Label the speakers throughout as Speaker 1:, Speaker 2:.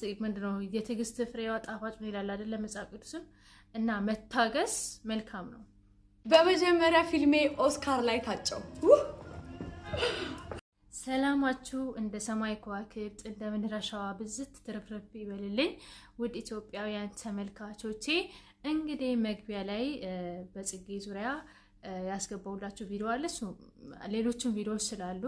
Speaker 1: ትዕግስት ምንድነው? የትዕግስት ፍሬዋ ጣፋጭ ነው ይላል አይደለም መጽሐፍ ቅዱስም። እና መታገስ መልካም ነው።
Speaker 2: በመጀመሪያ ፊልሜ ኦስካር ላይ ታጨው።
Speaker 1: ሰላማችሁ እንደ ሰማይ ከዋክብት እንደ ምድር አሸዋ ብዝት ትርፍርፍ ይበልልኝ። ውድ ኢትዮጵያውያን ተመልካቾቼ እንግዲህ መግቢያ ላይ በጽጌ ዙሪያ ያስገባውላችሁ ቪዲዮ አለ። ሌሎችም ቪዲዮዎች ስላሉ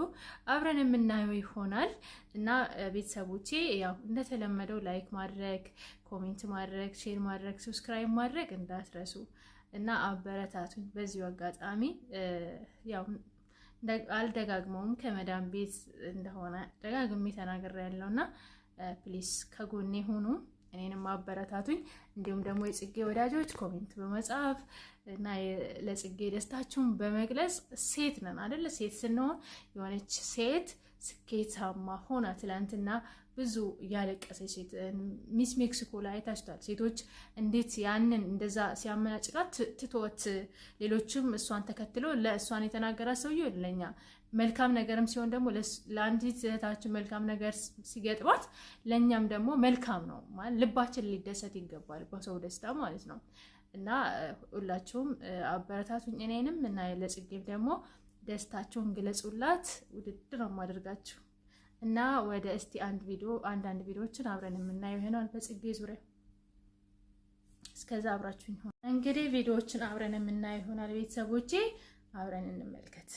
Speaker 1: አብረን የምናየው ይሆናል እና ቤተሰቦቼ ያው እንደተለመደው ላይክ ማድረግ፣ ኮሜንት ማድረግ፣ ሼር ማድረግ፣ ሰብስክራይብ ማድረግ እንዳትረሱ እና አበረታቱኝ። በዚሁ አጋጣሚ ያው አልደጋግመውም ከመዳን ቤት እንደሆነ ደጋግሜ ተናግሬ ያለው እና ፕሊስ ከጎኔ ሁኑ። እኔንም አበረታቱኝ። እንዲሁም ደግሞ የጽጌ ወዳጆች ኮሜንት በመጻፍ እና ለጽጌ ደስታችሁን በመግለጽ ሴት ነን አደለ? ሴት ስንሆን የሆነች ሴት ስኬታማ ሆና ትላንትና ብዙ እያለቀሰች ሴት ሚስ ሜክሲኮ ላይ ታችቷል። ሴቶች እንዴት ያንን እንደዛ ሲያመናጭቃት ትቶት ሌሎችም እሷን ተከትሎ ለእሷን የተናገራት ሰውዬ ለኛ መልካም ነገርም ሲሆን ደግሞ ለአንዲት እህታችን መልካም ነገር ሲገጥባት ለእኛም ደግሞ መልካም ነው ልባችን ሊደሰት ይገባል፣ በሰው ደስታ ማለት ነው። እና ሁላችሁም አበረታቱኝ እኔንም እና ለጽጌም ደግሞ ደስታችሁን ግለጹላት። ውድድር ነው የማደርጋችሁ እና ወደ እስቲ አንድ ቪዲዮ አንዳንድ ቪዲዮዎችን አብረን የምናየው ይሆናል በጽጌ ዙሪያ። እስከዛ አብራችሁኝ እንግዲህ ቪዲዮዎችን አብረን የምናየው ይሆናል ቤተሰቦቼ፣ አብረን እንመልከት።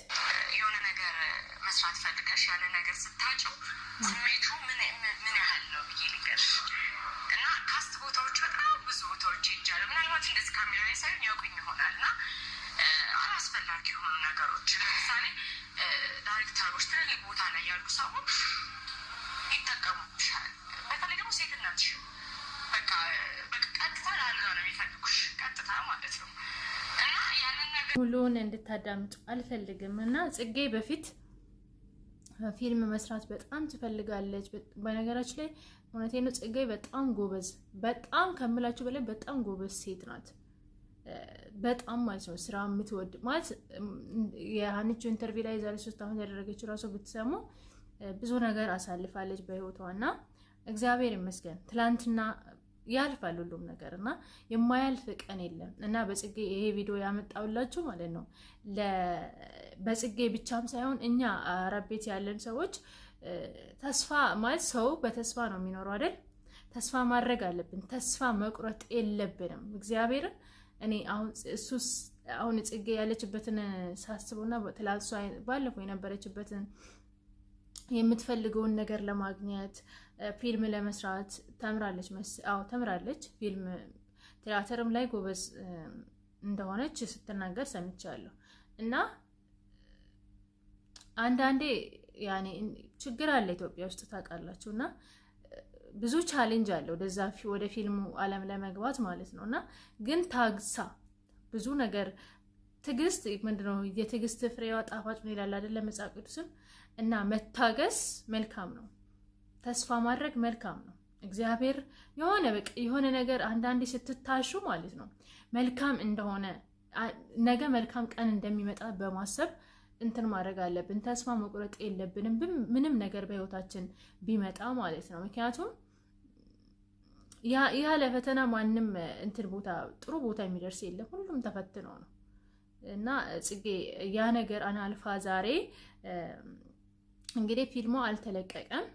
Speaker 2: ስሜቱ ምን ያህል ነው ብዬ ልንገርሽ እና ካስት ቦታዎች በጣም ብዙ ቦታዎች ይጃሉ። ምናልባት እንደዚህ ካሜራ ላይ ሳይሆን ያውቁኝ ይሆናል እና አላስፈላጊ የሆኑ ነገሮች ለምሳሌ ዳይሬክተሮች፣ ትልልቅ ቦታ ላይ ያሉ ሰዎች ይጠቀሙሻል። በተለይ ደግሞ ሴትነት በቃ ቀጥታ ለአልጋ ነው የሚፈልጉሽ፣ ቀጥታ ማለት ነው እና ያንን ነገር
Speaker 1: ሁሉን እንድታዳምጡ አልፈልግም እና ጽጌ በፊት ፊልም መስራት በጣም ትፈልጋለች። በነገራችን ላይ እውነቴ ነው፣ ጽጋይ በጣም ጎበዝ፣ በጣም ከምላችሁ በላይ በጣም ጎበዝ ሴት ናት። በጣም ማለት ነው ስራ የምትወድ ማለት የሀኒቹ ኢንተርቪው ላይ ዛሬ ሶስት አመት ያደረገችው ራሱ ብትሰሙ ብዙ ነገር አሳልፋለች በህይወቷ እና እግዚአብሔር ይመስገን ትላንትና ያልፋል ሁሉም ነገር እና የማያልፍ ቀን የለም እና በጽጌ ይሄ ቪዲዮ ያመጣውላችሁ ማለት ነው። በጽጌ ብቻም ሳይሆን እኛ አረብ ቤት ያለን ሰዎች ተስፋ ማለት ሰው በተስፋ ነው የሚኖረው አይደል? ተስፋ ማድረግ አለብን። ተስፋ መቁረጥ የለብንም። እግዚአብሔርን እኔ አሁን እሱስ አሁን ጽጌ ያለችበትን ሳስበውና ባለፈው የነበረችበትን የምትፈልገውን ነገር ለማግኘት ፊልም ለመስራት ተምራለች። አዎ ተምራለች። ፊልም ቲያትርም ላይ ጎበዝ እንደሆነች ስትናገር ሰምቻለሁ። እና አንዳንዴ ያኔ ችግር አለ ኢትዮጵያ ውስጥ ታውቃላችሁ። እና ብዙ ቻሌንጅ አለ ወደዛ ወደ ፊልሙ አለም ለመግባት ማለት ነው። እና ግን ታግሳ ብዙ ነገር ትዕግስት ምንድነው? የትግስት ፍሬዋ ጣፋጭ ነው ይላል አይደል? መጽሐፍ ቅዱስም እና መታገስ መልካም ነው፣ ተስፋ ማድረግ መልካም ነው። እግዚአብሔር የሆነ በቃ የሆነ ነገር አንዳንዴ ስትታሹ ማለት ነው መልካም እንደሆነ ነገ መልካም ቀን እንደሚመጣ በማሰብ እንትን ማድረግ አለብን። ተስፋ መቁረጥ የለብንም ምንም ነገር በህይወታችን ቢመጣ ማለት ነው። ምክንያቱም ያ ለፈተና ማንም እንትን ቦታ ጥሩ ቦታ የሚደርስ የለም። ሁሉም ተፈትኖ ነው እና ጽጌ ያ ነገር አናልፋ ዛሬ እንግዲህ ፊልሙ አልተለቀቀም፣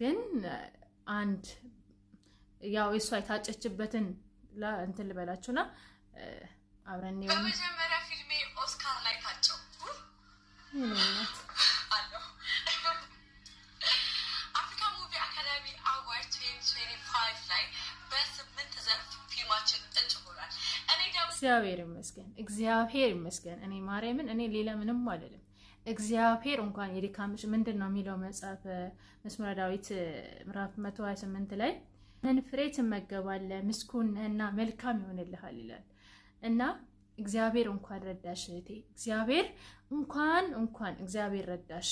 Speaker 1: ግን አንድ ያው የእሷ የታጨችበትን እንትን ልበላችሁና አብረን
Speaker 2: በመጀመሪያ ፊልሜ ኦስካር ላይ ታጨው አፍሪካ ሙቪ አካዳሚ አዋርድ 2025 ላይ
Speaker 1: እግዚአብሔር ይመስገን፣ እግዚአብሔር ይመስገን። እኔ ማርያምን እኔ ሌላ ምንም አልልም። እግዚአብሔር እንኳን የድካምሽ ምንድን ነው የሚለው መጽሐፍ መዝሙረ ዳዊት ምዕራፍ 128 ላይ ምን ፍሬ ትመገባለህ ምስኩን እና መልካም ይሆንልሃል ይላል እና እግዚአብሔር እንኳን ረዳሽ እህቴ፣ እግዚአብሔር እንኳን እንኳን እግዚአብሔር ረዳሽ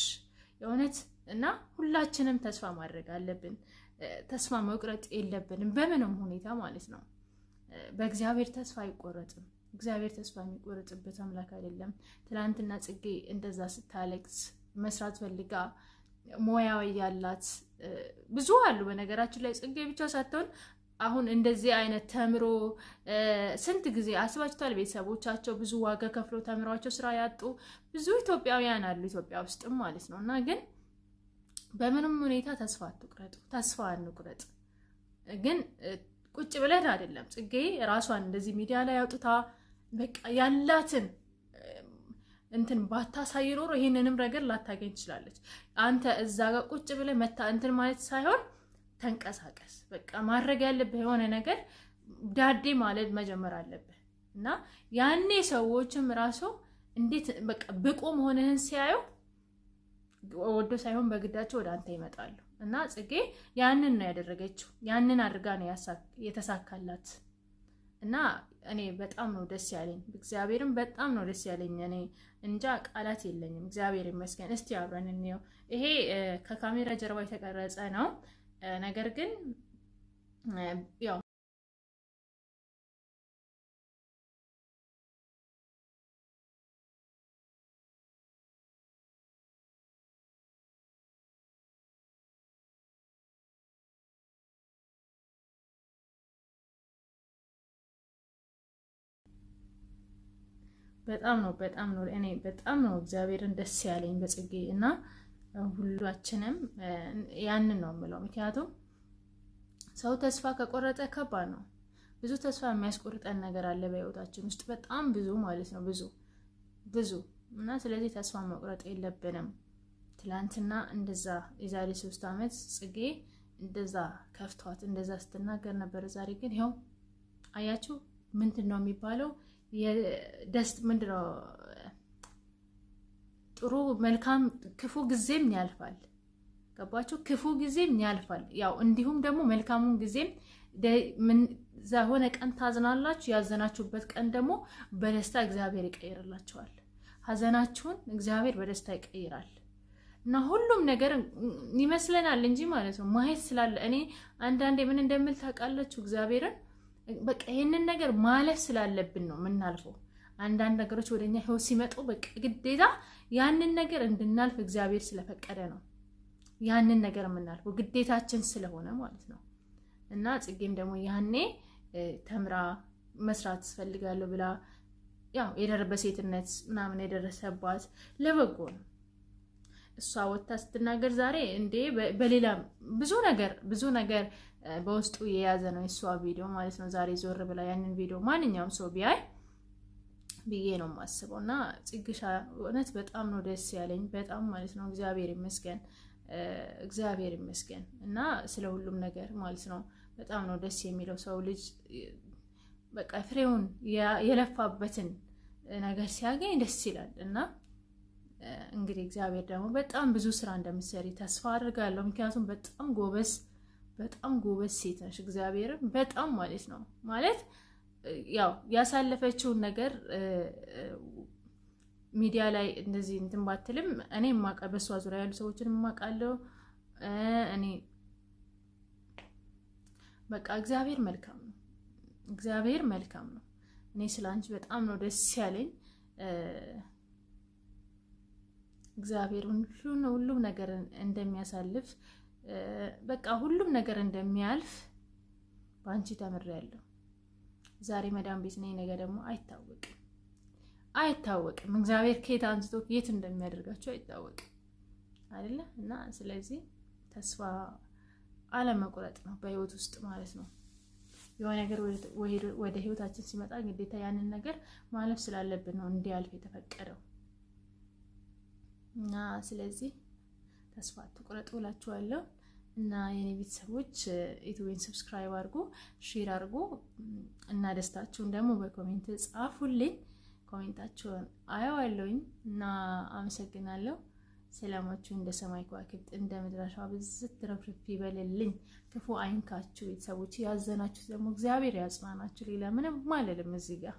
Speaker 1: የእውነት እና ሁላችንም ተስፋ ማድረግ አለብን። ተስፋ መቁረጥ የለብንም በምንም ሁኔታ ማለት ነው። በእግዚአብሔር ተስፋ አይቆረጥም። እግዚአብሔር ተስፋ የሚቆረጥበት አምላክ አይደለም። ትናንትና ጽጌ እንደዛ ስታለቅስ መስራት ፈልጋ ሙያዊ ያላት ብዙ አሉ። በነገራችን ላይ ጽጌ ብቻ ሳትሆን አሁን እንደዚህ አይነት ተምሮ ስንት ጊዜ አስባችቷል። ቤተሰቦቻቸው ብዙ ዋጋ ከፍሎ ተምሯቸው ስራ ያጡ ብዙ ኢትዮጵያውያን አሉ፣ ኢትዮጵያ ውስጥም ማለት ነው። እና ግን በምንም ሁኔታ ተስፋ አትቁረጡ፣ ተስፋ አንቁረጥ ግን ቁጭ ብለን አይደለም። ጽጌ ራሷን እንደዚህ ሚዲያ ላይ አውጥታ በቃ ያላትን እንትን ባታሳይ ኖሮ ይህንንም ነገር ላታገኝ ትችላለች። አንተ እዛ ጋር ቁጭ ብለህ መታ እንትን ማለት ሳይሆን ተንቀሳቀስ። በቃ ማድረግ ያለብህ የሆነ ነገር ዳዴ ማለት መጀመር አለብህ እና ያኔ ሰዎችም ራሱ እንዴት በቃ ብቁ መሆንህን ሲያዩ ወዶ ሳይሆን በግዳቸው ወደ አንተ ይመጣሉ። እና ጽጌ ያንን ነው ያደረገችው። ያንን አድርጋ ነው የተሳካላት። እና እኔ በጣም ነው ደስ ያለኝ፣ እግዚአብሔርም በጣም ነው ደስ ያለኝ። እኔ እንጃ ቃላት የለኝም። እግዚአብሔር ይመስገን። እስቲ አብረን እንየው። ይሄ ከካሜራ ጀርባ የተቀረጸ ነው። ነገር ግን ያው በጣም ነው በጣም ነው እኔ በጣም ነው እግዚአብሔርን ደስ ያለኝ በጽጌ እና ሁላችንም ያንን ነው የምለው። ምክንያቱም ሰው ተስፋ ከቆረጠ ከባድ ነው። ብዙ ተስፋ የሚያስቆርጠን ነገር አለ በህይወታችን ውስጥ በጣም ብዙ ማለት ነው ብዙ ብዙ እና ስለዚህ ተስፋ መቁረጥ የለብንም። ትላንትና እንደዛ የዛሬ ሶስት ዓመት ጽጌ እንደዛ ከፍቷት እንደዛ ስትናገር ነበር። ዛሬ ግን ይኸው አያችሁ ምንድን ነው የሚባለው ደስ ምንድነው ጥሩ መልካም ክፉ ጊዜም ያልፋል። ገባችሁ? ክፉ ጊዜም ያልፋል። ያው እንዲሁም ደግሞ መልካሙን ጊዜም ሆነ ቀን ታዝናላችሁ። ያዘናችሁበት ቀን ደግሞ በደስታ እግዚአብሔር ይቀይርላችኋል። ሀዘናችሁን እግዚአብሔር በደስታ ይቀይራል እና ሁሉም ነገር ይመስለናል እንጂ ማለት ነው ማየት ስላለ እኔ አንዳንዴ ምን እንደምል ታውቃላችሁ እግዚአብሔርን በቃ ይህንን ነገር ማለፍ ስላለብን ነው የምናልፈው። አንዳንድ ነገሮች ወደ እኛ ህይወት ሲመጡ በቃ ግዴታ ያንን ነገር እንድናልፍ እግዚአብሔር ስለፈቀደ ነው ያንን ነገር የምናልፈው ግዴታችን ስለሆነ ማለት ነው። እና ጽጌም ደግሞ ያኔ ተምራ መስራት ትፈልጋለሁ ብላ ያው የደረበ ሴትነት ምናምን የደረሰባት ለበጎ ነው። እሷ ወታ ስትናገር ዛሬ እንዴ በሌላ ብዙ ነገር ብዙ ነገር በውስጡ የያዘ ነው የእሷ ቪዲዮ ማለት ነው። ዛሬ ዞር ብላ ያንን ቪዲዮ ማንኛውም ሰው ቢያይ ብዬ ነው የማስበው። እና ጽግሻ እውነት በጣም ነው ደስ ያለኝ በጣም ማለት ነው። እግዚአብሔር ይመስገን እግዚአብሔር ይመስገን እና ስለ ሁሉም ነገር ማለት ነው። በጣም ነው ደስ የሚለው ሰው ልጅ በቃ ፍሬውን የለፋበትን ነገር ሲያገኝ ደስ ይላል እና እንግዲህ እግዚአብሔር ደግሞ በጣም ብዙ ስራ እንደምትሰሪ ተስፋ አድርጋለሁ። ምክንያቱም በጣም ጎበዝ በጣም ጎበዝ ሴት ነሽ። እግዚአብሔርም በጣም ማለት ነው ማለት ያው ያሳለፈችውን ነገር ሚዲያ ላይ እንደዚህ እንትን ባትልም እኔ ማቀ በእሷ ዙሪያ ያሉ ሰዎችን ማቃለሁ። እኔ በቃ እግዚአብሔር መልካም ነው፣ እግዚአብሔር መልካም ነው። እኔ ስለ አንቺ በጣም ነው ደስ ያለኝ። እግዚአብሔር ሁሉም ነገር እንደሚያሳልፍ በቃ ሁሉም ነገር እንደሚያልፍ በአንቺ ተምሬያለሁ። ዛሬ መዳም ቤት ነኝ፣ ነገ ደግሞ አይታወቅም አይታወቅም። እግዚአብሔር ከየት አንስቶ የት እንደሚያደርጋቸው አይታወቅም አይደለ እና ስለዚህ ተስፋ አለመቁረጥ ነው በህይወት ውስጥ ማለት ነው። የሆነ ነገር ወደ ህይወታችን ሲመጣ ግዴታ ያንን ነገር ማለፍ ስላለብን ነው እንዲያልፍ የተፈቀደው። እና ስለዚህ ተስፋ አትቁረጡ እላችኋለሁ። እና የኔ ቤተሰቦች ኢትዮቤን ሰብስክራይብ አድርጉ፣ ሼር አድርጉ እና ደስታችሁን ደግሞ በኮሜንት ጻፉልኝ። ኮሜንታችሁን አየዋለሁኝ እና አመሰግናለሁ። ሰላማችሁ እንደ ሰማይ ከዋክብት እንደ ምድራሻ ብዝት ትረፍርፍ ይበልልኝ፣ ክፉ አይንካችሁ። ቤተሰቦች ያዘናችሁት ደግሞ እግዚአብሔር ያጽናናችሁ። ሌላ ምንም አልልም እዚህ ጋር